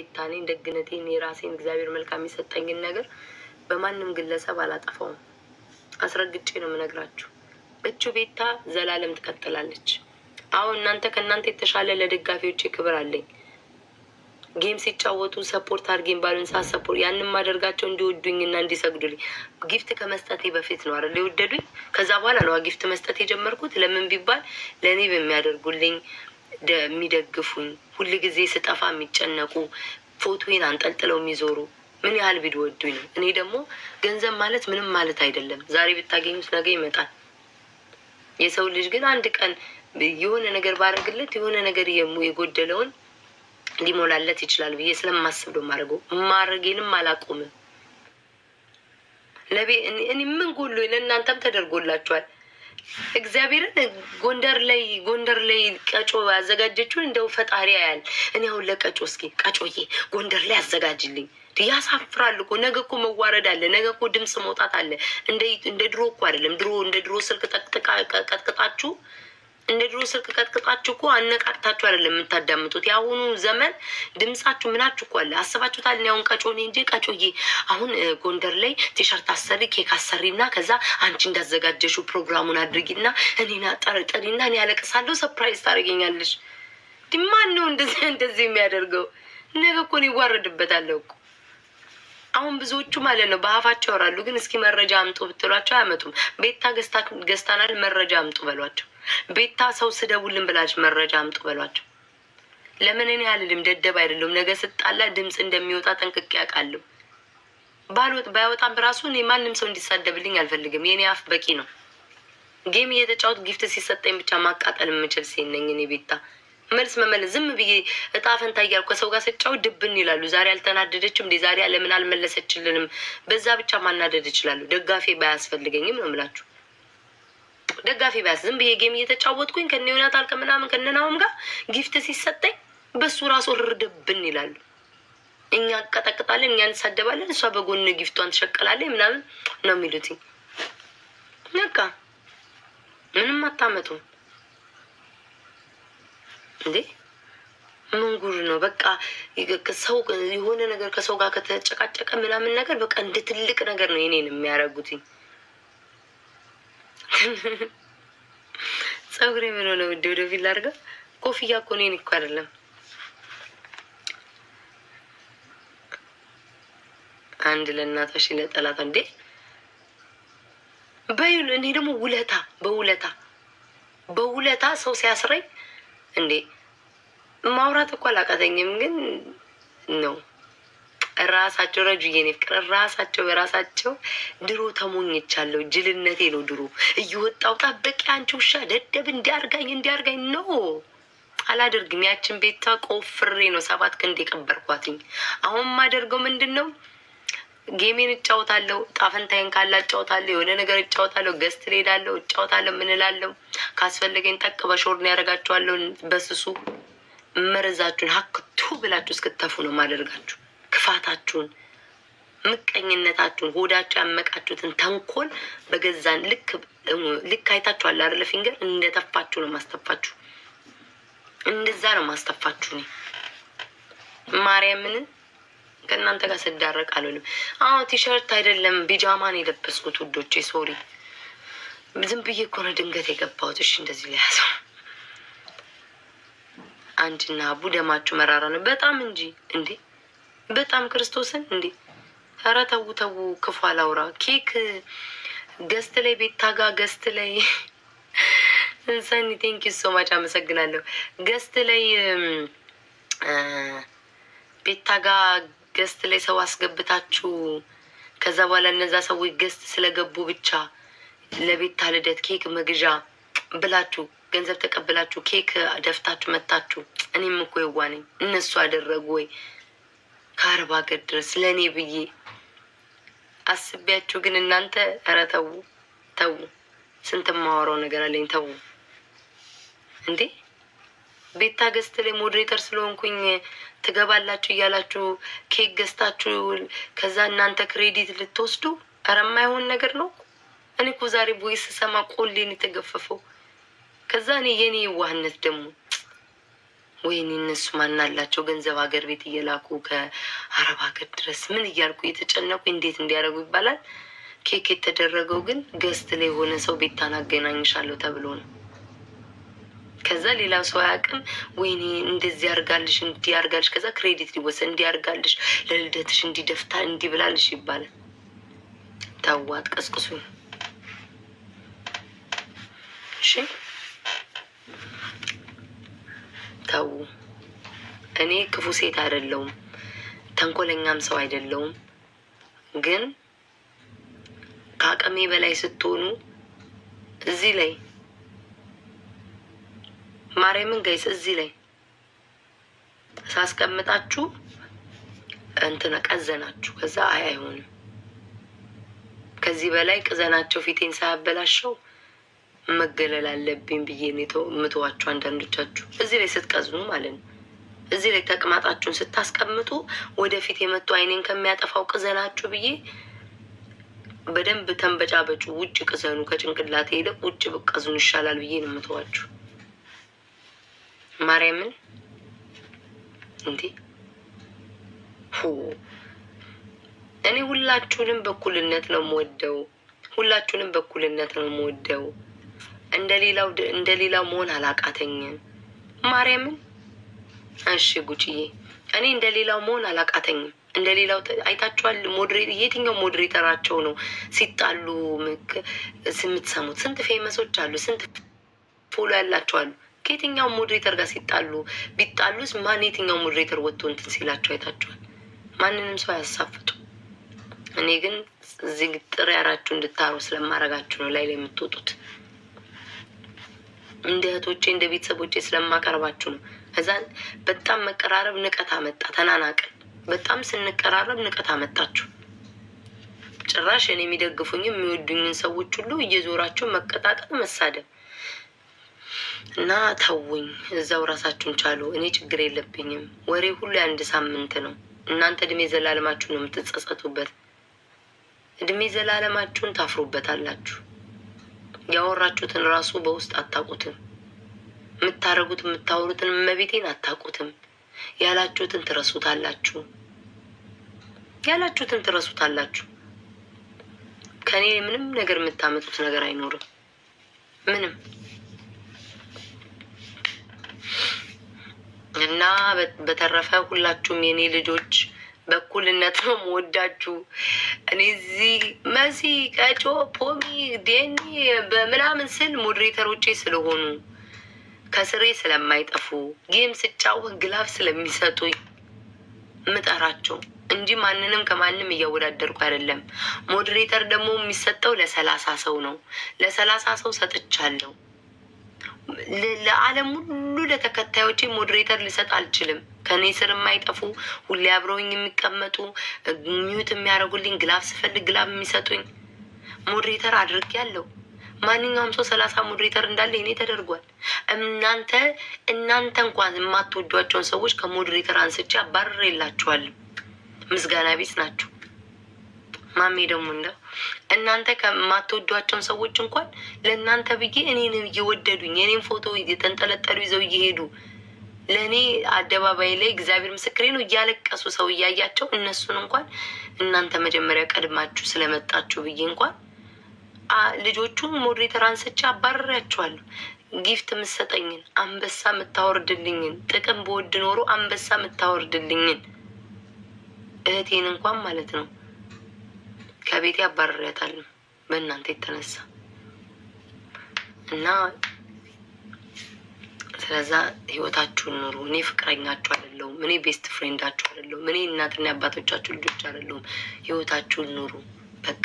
ጌታኔን ደግነቴን የራሴን እግዚአብሔር መልካም የሰጠኝን ነገር በማንም ግለሰብ አላጠፋውም። አስረግጬ ነው የምነግራችሁ። እቹ ቤታ ዘላለም ትቀጥላለች። አዎ እናንተ ከእናንተ የተሻለ ለደጋፊዎች ክብር አለኝ። ጌም ሲጫወቱ ሰፖርት አድርጌን ባሉን ሰዓት ሰፖርት ያንም ማደርጋቸው እንዲወዱኝና እንዲሰግዱልኝ ጊፍት ከመስጠቴ በፊት ነው አይደል የወደዱኝ። ከዛ በኋላ ነው ጊፍት መስጠት የጀመርኩት። ለምን ቢባል ለእኔ በሚያደርጉልኝ የሚደግፉኝ ሁል ጊዜ ስጠፋ የሚጨነቁ ፎቶዬን አንጠልጥለው የሚዞሩ ምን ያህል ቢወዱኝ ነው። እኔ ደግሞ ገንዘብ ማለት ምንም ማለት አይደለም። ዛሬ ብታገኙት ነገ ይመጣል። የሰው ልጅ ግን አንድ ቀን የሆነ ነገር ባረግለት የሆነ ነገር የጎደለውን ሊሞላለት ይችላል ብዬ ስለማስብ ነው የማደርገው። ማድረጌንም አላቆምም። ለቤ እኔ ምን ጎሎ ለእናንተም ተደርጎላችኋል። እግዚአብሔርን ጎንደር ላይ ጎንደር ላይ ቀጮ ያዘጋጀችው እንደው ፈጣሪ ያያል። እኔ አሁን ለቀጮ እስኪ ቀጮዬ ጎንደር ላይ አዘጋጅልኝ። ያሳፍራል እኮ ነገ እኮ መዋረድ አለ። ነገ እኮ ድምፅ መውጣት አለ። እንደ ድሮ እኮ አይደለም። ድሮ እንደ ድሮ ስልክ ጠቅጥቃ ቀጥቅጣችሁ እንደ ድሮ ስልክ ቀጥቅጣችሁ እኮ አነቃቅታችሁ አይደለም የምታዳምጡት። የአሁኑ ዘመን ድምጻችሁ ምናችሁ እኮ አለ። አስባችሁታል? እኔ አሁን ቀጮ ነኝ እንጂ ቀጮዬ፣ አሁን ጎንደር ላይ ቲሸርት አሰሪ፣ ኬክ አሰሪ እና ከዛ አንቺ እንዳዘጋጀሽው ፕሮግራሙን አድርጊና እኔና ጠርጠሪና እኔ ያለቅሳለሁ፣ ሰፕራይዝ ታደርገኛለሽ። ማን ነው እንደዚህ እንደዚህ የሚያደርገው? ነገ እኮ እኔ ይዋረድበታለሁ እኮ አሁን ብዙዎቹ ማለት ነው በአፋቸው ያወራሉ፣ ግን እስኪ መረጃ አምጡ ብትሏቸው አያመጡም። ቤታ ገዝታናል፣ መረጃ አምጡ በሏቸው። ቤታ ሰው ስደውልን ብላች መረጃ አምጡ በሏቸው። ለምን እኔ አልልም፣ ደደብ አይደለም። ነገ ስጣላ ድምፅ እንደሚወጣ ጠንቅቄ አውቃለሁ። ባልወጥ ባይወጣም ራሱ እኔ ማንም ሰው እንዲሳደብልኝ አልፈልግም። የእኔ አፍ በቂ ነው። ጌም እየተጫወት ጊፍት ሲሰጠኝ ብቻ ማቃጠል የምችል ሲነኝ እኔ ቤታ። መልስ መመለስ ዝም ብዬ እጣ ፈንታ እያልኩ ከሰው ጋር ስጫወት ድብን ይላሉ። ዛሬ አልተናደደችም እንዴ? ዛሬ ለምን አልመለሰችልንም? በዛ ብቻ ማናደድ እችላለሁ። ደጋፊ ባያስፈልገኝም ነው የምላችሁ። ደጋፊ ባያስ ዝም ብዬ ጌም እየተጫወትኩኝ ከነ ዮናታን ከምናምን ከነናውም ጋር ጊፍት ሲሰጠኝ በሱ ራሱ ርድብን ይላሉ። እኛ እንቀጠቅጣለን፣ እኛ እንሳደባለን፣ እሷ በጎን ጊፍቷን ትሸቀላለች ምናምን ነው የሚሉት። በቃ ምንም አታመጡም እንዴ? ምን ጉድ ነው? በቃ ሰው የሆነ ነገር ከሰው ጋር ከተጨቃጨቀ ምናምን ነገር በቃ እንደ ትልቅ ነገር ነው የኔን የሚያደርጉትኝ። ጸጉሬ ምን ሆነ ውዴ? ወደፊት ላድርገው። ኮፍያ እኮ እኔን እኮ አይደለም። አንድ ለእናቶች ለጠላት እንዴ በይ። እኔ ደግሞ ውለታ በውለታ በውለታ ሰው ሲያስረኝ እንዴ ማውራት እኮ አላቃተኝም ግን ነው ራሳቸው ረጁ የኔ ፍቅር ራሳቸው በራሳቸው ድሮ ተሞኝቻለሁ። ጅልነቴ ነው ድሮ እየወጣው ጠበቂ አንቺ ውሻ ደደብ እንዲያርጋኝ እንዲያርጋኝ ነው አላደርግም። ያችን ቤታ ቆፍሬ ነው ሰባት ክንድ የቀበርኳትኝ። አሁን ማደርገው ምንድን ነው? ጌሜን እጫወታለሁ። ጣፈንታይን ካላ እጫወታለሁ። የሆነ ነገር እጫወታለሁ። ገስት ሄዳለሁ፣ እጫወታለሁ። ምንላለሁ ካስፈለገኝ ጠቅ በሾር ነው ያደርጋችኋለሁ። በስሱ መርዛችሁን ሀክቱ ብላችሁ እስክተፉ ነው ማደርጋችሁ። ክፋታችሁን፣ ምቀኝነታችሁን፣ ሆዳችሁ ያመቃችሁትን ተንኮል በገዛን ልክ ልክ አይታችኋል አይደለ? ፊንገር እንደተፋችሁ ነው ማስተፋችሁ። እንደዛ ነው ማስተፋችሁ። እኔ ማርያምን ከእናንተ ጋር ስዳረቅ አልሆንም። አዎ ቲሸርት አይደለም ቢጃማን የለበስኩት ውዶቼ፣ ሶሪ ዝም ብዬ እኮ ነው ድንገት የገባሁት። እሺ እንደዚህ ለያዘው አንቺና አቡ ደማችሁ መራራ ነው በጣም እንጂ እንዴ በጣም ክርስቶስን እንዴ! ኧረ ተው ተው፣ ክፉ አላውራ። ኬክ ገስት ላይ ቤታ ጋ ገስት ላይ ሰኒ ቴንኪ ማች አመሰግናለሁ። ገስት ላይ ቤታ ጋ ገስት ላይ ሰው አስገብታችሁ ከዛ በኋላ እነዛ ሰዎች ገስት ስለገቡ ብቻ ለቤታ ልደት ኬክ መግዣ ብላችሁ ገንዘብ ተቀብላችሁ ኬክ ደፍታችሁ መታችሁ። እኔም እኮ የዋ ነኝ። እነሱ አደረጉ ወይ ከአርባ ሀገር ድረስ ለእኔ ብዬ አስቢያችሁ ግን እናንተ ኧረ ተዉ ተዉ። ስንት የማወራው ነገር አለኝ። ተዉ እንዴ ቤታ ገዝት ላይ ሞዴሬተር ስለሆንኩኝ ትገባላችሁ እያላችሁ ኬክ ገዝታችሁ ከዛ እናንተ ክሬዲት ልትወስዱ ኧረ የማይሆን ነገር ነው። እኔ እኮ ዛሬ ቦይስ ስሰማ ቆሌን የተገፈፈው ከዛ እኔ የኔ የዋህነት ደግሞ ወይኔ እነሱ ማን አላቸው ገንዘብ ሀገር ቤት እየላኩ ከአረብ ሀገር ድረስ ምን እያልኩ እየተጨነቁ እንዴት እንዲያደርጉ ይባላል። ኬክ የተደረገው ግን ገስት ላይ የሆነ ሰው ቤት ታናገናኝሻለሁ ተብሎ ነው። ከዛ ሌላ ሰው አያውቅም። ወይኔ እንደዚህ ያርጋልሽ ያርጋልሽ፣ ከዛ ክሬዲት ሊወሰድ እንዲያርጋልሽ ለልደትሽ እንዲደፍታ ብላልሽ ይባላል። ታዋት ቀስቅሱኝ እሺ። ተዉ። እኔ ክፉ ሴት አይደለሁም፣ ተንኮለኛም ሰው አይደለሁም። ግን ከአቅሜ በላይ ስትሆኑ እዚህ ላይ ማርያምን ጋይስ እዚህ ላይ ሳስቀምጣችሁ እንትነ ቀዘናችሁ። ከዛ አይ አይሆንም ከዚህ በላይ ቅዘናቸው ፊቴን ሳያበላሸው መገለል አለብኝ ብዬ ምትዋችሁ አንዳንዶቻችሁ እዚህ ላይ ስትቀዝኑ ማለት ነው። እዚህ ላይ ተቅማጣችሁን ስታስቀምጡ ወደፊት የመጡ አይኔን ከሚያጠፋው ቅዘናችሁ ብዬ በደንብ ተንበጫበጩ። ውጭ ቅዘኑ፣ ከጭንቅላት ሄደ ውጭ ብቀዝኑ ይሻላል ብዬ ነው ምትዋችሁ። ማርያምን እንዴ እኔ ሁላችሁንም በኩልነት ነው የምወደው። ሁላችሁንም በኩልነት ነው የምወደው። እንደሌላው እንደሌላው መሆን አላቃተኝም። ማርያምን እሺ ጉጭዬ፣ እኔ እንደሌላው መሆን አላቃተኝም። እንደሌላው አይታችኋል። ሞድሬ የትኛው ሞዴሬተራቸው ነው ሲጣሉ ስምትሰሙት? ስንት ፌመሶች አሉ፣ ስንት ፎሎ ያላቸው አሉ። ከየትኛው ሞዴሬተር ጋር ሲጣሉ ቢጣሉስ ማን የትኛው ሞዴሬተር ወጥቶ እንትን ሲላቸው አይታችኋል? ማንንም ሰው ያሳፍጡ። እኔ ግን እዚህ ጥሪ ያራችሁ እንድታሩ ስለማረጋችሁ ነው ላይ ላይ የምትወጡት። እንደ እህቶቼ እንደ ቤተሰቦቼ ስለማቀርባችሁ ነው። እዛ በጣም መቀራረብ ንቀት አመጣ። ተናናቅን። በጣም ስንቀራረብ ንቀት አመጣችሁ። ጭራሽ እኔ የሚደግፉኝም የሚወዱኝን ሰዎች ሁሉ እየዞራቸው መቀጣቀጥ፣ መሳደብ እና ተውኝ። እዛው ራሳችሁን ቻሉ። እኔ ችግር የለብኝም። ወሬ ሁሉ የአንድ ሳምንት ነው። እናንተ እድሜ ዘላለማችሁ ነው የምትጸጸቱበት። እድሜ ዘላለማችሁን ታፍሩበታላችሁ። ያወራችሁትን ራሱ በውስጥ አታውቁትም። የምታረጉት የምታወሩትን መቤቴን አታውቁትም። ያላችሁትን ትረሱታላችሁ። ያላችሁትን ትረሱታላችሁ። ከኔ ምንም ነገር የምታመጡት ነገር አይኖርም። ምንም እና በተረፈ ሁላችሁም የኔ ልጆች በኩልነት ነው የምወዳችሁ። እኔ እዚህ መሲ ቀጮ ፖሚ ዴኒ በምናምን ስል ሞዴሬተሮቼ ስለሆኑ ከስሬ ስለማይጠፉ ጌም ስጫወት ግላፍ ስለሚሰጡኝ ምጠራቸው እንጂ ማንንም ከማንም እያወዳደርኩ አይደለም። ሞዴሬተር ደግሞ የሚሰጠው ለሰላሳ ሰው ነው። ለሰላሳ ሰው ሰጥቻለሁ። ለዓለም ሁሉ ለተከታዮቼ ሞዴሬተር ልሰጥ አልችልም። ከኔ ስር የማይጠፉ ሁሌ አብረውኝ የሚቀመጡ ሚዩት የሚያደርጉልኝ ግላፍ ስፈልግ ግላፍ የሚሰጡኝ ሞዴሬተር አድርግ ያለው ማንኛውም ሰው ሰላሳ ሞዴሬተር እንዳለ እኔ ተደርጓል። እናንተ እናንተ እንኳን የማትወዷቸውን ሰዎች ከሞዴሬተር አንስቼ አባርሬላችኋለሁ። ምስጋና ቤት ናችሁ። ማሜ ደግሞ እናንተ ከማትወዷቸውን ሰዎች እንኳን ለእናንተ ብዬ እኔን እየወደዱኝ የኔን ፎቶ የተንጠለጠሉ ይዘው እየሄዱ ለእኔ አደባባይ ላይ እግዚአብሔር ምስክሬ ነው እያለቀሱ ሰው እያያቸው እነሱን እንኳን እናንተ መጀመሪያ ቀድማችሁ ስለመጣችሁ ብዬ እንኳን ልጆቹ ሞዴሬተር አንስቼ አባረሪያቸዋለሁ። ጊፍት ምሰጠኝን አንበሳ የምታወርድልኝን ጥቅም በወድ ኖሮ አንበሳ የምታወርድልኝን እህቴን እንኳን ማለት ነው ከቤቴ ያባረሪያታል በእናንተ የተነሳ እና ስለዛ ህይወታችሁን ኑሩ። እኔ ፍቅረኛችሁ አይደለሁም። እኔ ቤስት ፍሬንዳችሁ አይደለሁም። እኔ እናትና አባቶቻችሁ ልጆች አይደለሁም። ህይወታችሁን ኑሩ በቃ።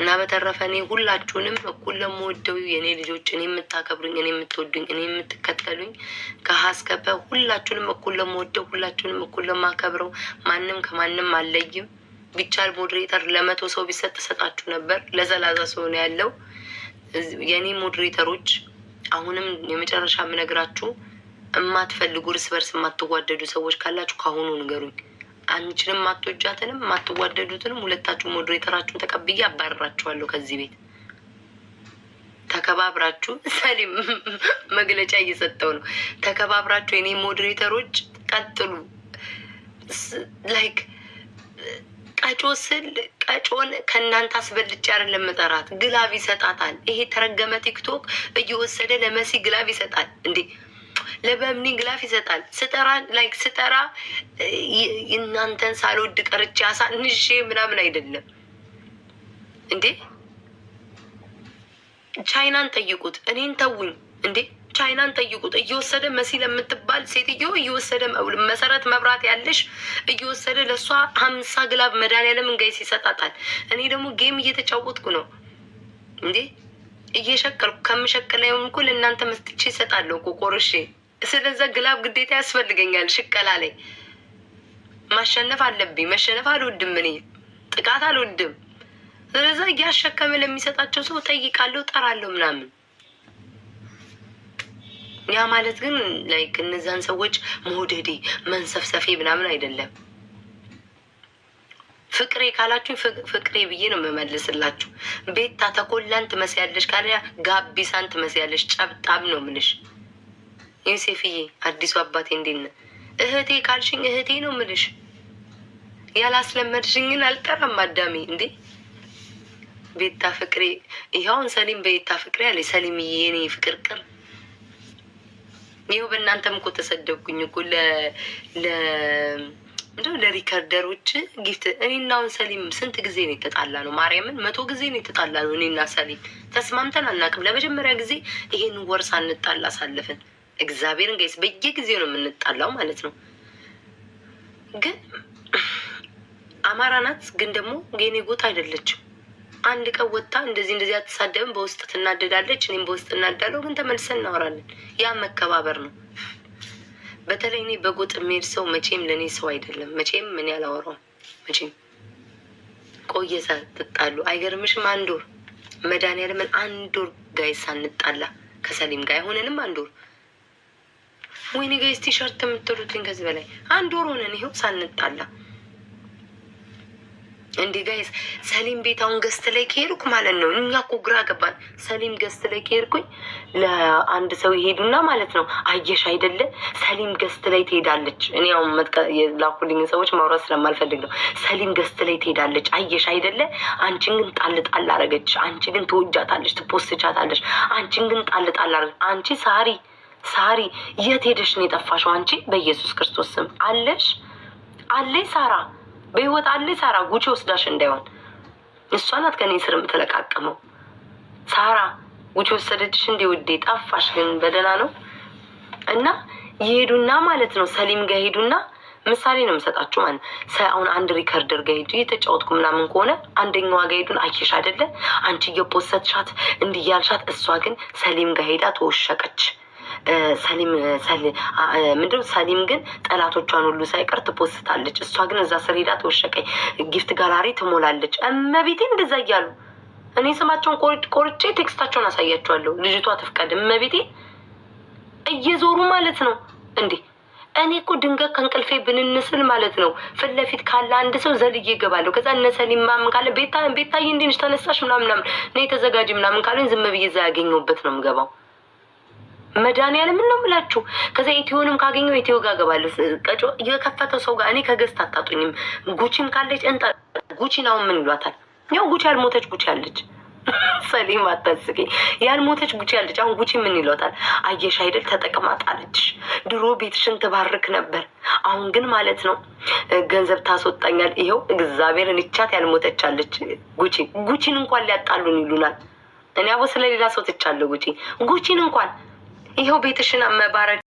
እና በተረፈ እኔ ሁላችሁንም እኩል ለምወደው የእኔ ልጆች፣ እኔ የምታከብሩኝ፣ እኔ የምትወዱኝ፣ እኔ የምትከተሉኝ ከሀስከበ ሁላችሁንም እኩል ለምወደው፣ ሁላችሁንም እኩል ለማከብረው ማንም ከማንም አለይም። ቢቻል ሞዴሬተር ለመቶ ሰው ቢሰጥ ተሰጣችሁ ነበር። ለሰላሳ ሰው ነው ያለው። የእኔ ሞዴሬተሮች አሁንም የመጨረሻ የምነግራችሁ የማትፈልጉ እርስ በርስ የማትዋደዱ ሰዎች ካላችሁ ከአሁኑ ንገሩኝ። አንችንም ማትወጃትንም ማትዋደዱትንም ሁለታችሁ ሞዴሬተራችሁን ተቀብዬ አባረራችኋለሁ ከዚህ ቤት። ተከባብራችሁ ሰሊም መግለጫ እየሰጠው ነው። ተከባብራችሁ የኔ ሞዴሬተሮች ቀጥሉ ላይክ ቀጮ ስል ቀጮን ከእናንተ አስበልጬ አይደለም መጠራት። ግላብ ይሰጣታል። ይሄ ተረገመ ቲክቶክ እየወሰደ ለመሲ ግላብ ይሰጣል እንዴ ለበምኒ ግላፍ ይሰጣል። ስጠራ ላይክ ስጠራ እናንተን ሳልወድ ቀርቼ አሳንሼ ምናምን አይደለም እንዴ። ቻይናን ጠይቁት፣ እኔን ተውኝ እንዴ። ቻይናን ጠይቁት። እየወሰደ መሲ ለምትባል ሴትዮ እየወሰደ መሰረት መብራት ያለሽ እየወሰደ ለእሷ ሀምሳ ግላብ መድኃኒዓለም እንጋይስ ይሰጣታል። እኔ ደግሞ ጌም እየተጫወትኩ ነው እንዴ እየሸቀልኩ ከምሸቅለውም እኮ ለእናንተ መስጥቼ ይሰጣለሁ እኮ ቆርሼ። ስለዛ ግላብ ግዴታ ያስፈልገኛል። ሽቀላ ላይ ማሸነፍ አለብኝ። መሸነፍ አልወድም፣ እኔ ጥቃት አልወድም። ስለዛ እያሸከመ ለሚሰጣቸው ሰው ጠይቃለሁ፣ ጠራለሁ ምናምን ያ ማለት ግን ላይክ እነዛን ሰዎች መውደዴ መንሰፍሰፌ ምናምን አይደለም። ፍቅሬ ካላችሁ ፍቅሬ ብዬ ነው የምመልስላችሁ። ቤታ ተኮላን ትመስያለሽ ካለ ጋቢሳን ትመስያለሽ። ጨብጣብ ነው ምልሽ። ዩሴፍዬ አዲሱ አባቴ እንዴት ነህ? እህቴ ካልሽኝ እህቴ ነው ምልሽ። ያላስለመድሽኝን አልጠራም አዳሜ እንዴ ቤታ ፍቅሬ። ይኸውን ሰሊም ቤታ ፍቅሬ አለ ሰሊም፣ የኔ ፍቅርቅር ይኸው በእናንተም እኮ ተሰደብኩኝ እኮ እንደው ለሪከርደሮች ጊፍት እኔና ሰሊም ስንት ጊዜ ነው የተጣላ ነው? ማርያምን መቶ ጊዜ ነው የተጣላ ነው። እኔና ሰሊም ተስማምተን አናውቅም። ለመጀመሪያ ጊዜ ይሄን ወር ሳንጣላ አሳልፍን። እግዚአብሔርን ጋይስ በየጊዜው ነው የምንጣላው ማለት ነው። ግን አማራ ናት፣ ግን ደግሞ የኔ ጎጥ አይደለችም። አንድ ቀን ወጣ እንደዚህ እንደዚህ አትሳደብም፣ በውስጥ ትናደዳለች፣ እኔም በውስጥ እናዳለው፣ ግን ተመልሰን እናወራለን። ያ መከባበር ነው። በተለይ እኔ በጎጥ የሚሄድ ሰው መቼም ለእኔ ሰው አይደለም። መቼም ምን ያላወራውም መቼም ቆየ ሳትጣሉ አይገርምሽም? አንድ ወር መድኃኒዓለምን አንድ ወር ጋይ ሳንጣላ ከሰሊም ጋር የሆነንም አንድ ወር ወይኔ ጋይስ ቲሸርት የምትሉትኝ ከዚህ በላይ አንድ ወር ሆነን ይኸው ሳንጣላ እንዲ ጋይስ ሰሊም ቤት አሁን ገስት ላይ ከሄድኩ ማለት ነው፣ እኛ እኮ ግራ ገባን። ሰሊም ገስት ላይ ከሄድኩኝ ለአንድ ሰው ይሄዱና ማለት ነው፣ አየሽ አይደለ ሰሊም ገስት ላይ ትሄዳለች። እኔ አሁን ላኩልኝ ሰዎች ማውራት ስለማልፈልግ ነው። ሰሊም ገስት ላይ ትሄዳለች፣ አየሽ አይደለ አንቺን ግን ጣል ጣል አረገች። አንቺ ግን ትወጃታለች፣ ትፖስቻታለች። አንቺን ግን ጣል ጣል አረገች። አንቺ ሳሪ ሳሪ የት ሄደሽ ነው የጠፋሽው? አንቺ በኢየሱስ ክርስቶስ ስም አለሽ አለይ ሳራ በህይወት አለ ሳራ ጉቺ ወስዳሽ እንዳይሆን እሷ ናት ከኔ ስር የምትለቃቅመው። ሳራ ጉቺ ወሰደችሽ እንዴ ውዴ? ጠፋሽ ግን በደህና ነው። እና ይሄዱና ማለት ነው ሰሊም ጋር ሄዱና ምሳሌ ነው የምሰጣችሁ ማለት አሁን አንድ ሪከርደር ጋር ሄዱ የተጫወትኩ ምናምን ከሆነ አንደኛዋ ጋር ሄዱን አየሽ አይደለ አንቺ እየፖሰትሻት እንዲያልሻት እሷ ግን ሰሊም ጋር ሄዳ ተወሸቀች። ሰሊም ምንድነው ሰሊም ግን ጠላቶቿን ሁሉ ሳይቀር ትፖስታለች። እሷ ግን እዛ ስር ሄዳ ተወሸቀኝ ጊፍት ጋላሪ ትሞላለች። እመቤቴ እንደዛ እያሉ እኔ ስማቸውን ቆርጬ ቴክስታቸውን አሳያቸዋለሁ። ልጅቷ ትፍቀድ እመቤቴ። እየዞሩ ማለት ነው እንዴ? እኔ እኮ ድንገት ከእንቅልፌ ብንንስል ማለት ነው ፊት ለፊት ካለ አንድ ሰው ዘልዬ እገባለሁ። ከዛ እነ ሰሊም ምናምን ካለ ቤታዬ እንዴት ነሽ ተነሳሽ ምናምን ምናምን ነይ ምናምን ካለኝ ዝም ብዬ እዛ ያገኘሁበት ነው የምገባው። መዳን ምን ነው የምላችሁ። ከዛ ኢትዮንም ካገኘው ኢትዮ ጋር እገባለሁ። ቀጮ የከፈተው ሰው ጋር እኔ ከገዝት አታጡኝም። ጉቺም ካለች እንጣ ጉቺ አሁን ምን ይሏታል? ያው ጉቺ አልሞተች ጉቺ አለች። ሰሊም አታስቂ፣ ያልሞተች ጉቺ አለች። አሁን ጉቺ ምን ይሏታል? አየሽ አይደል ተጠቅማጣለች። ድሮ ቤትሽን ትባርክ ነበር፣ አሁን ግን ማለት ነው ገንዘብ ታስወጣኛል። ይኸው እግዚአብሔርን ይቻት ያልሞተች አለች። ጉቺ ጉቺን እንኳን ሊያጣሉን ይሉናል። እኔ አቦ ስለሌላ ሰው ትቻለሁ። ጉቺ ጉቺን እንኳን ይኸው ቤትሽን መባረክ